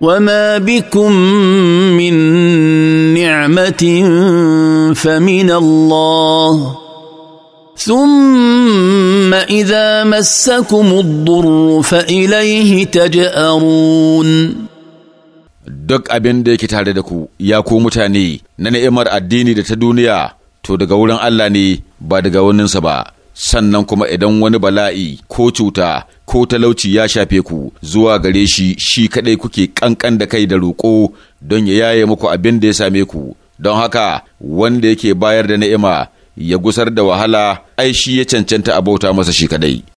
وما بكم من نعمه فمن الله ثم اذا مسكم الضر فاليه تجارون duk abin da yake tare da ku ya ku mutane na ni'imar addini da ta duniya to daga wurin Allah ne ba daga waninsa ba sannan kuma idan wani bala'i ko cuta ko talauci ya shafe ku zuwa gare shi shi kaɗai kuke ƙanƙan da kai da roƙo don ya yaye muku abin da ya same ku don haka wanda yake bayar da ni'ima ya gusar da wahala ai shi ya cancanta abota masa shi kaɗai.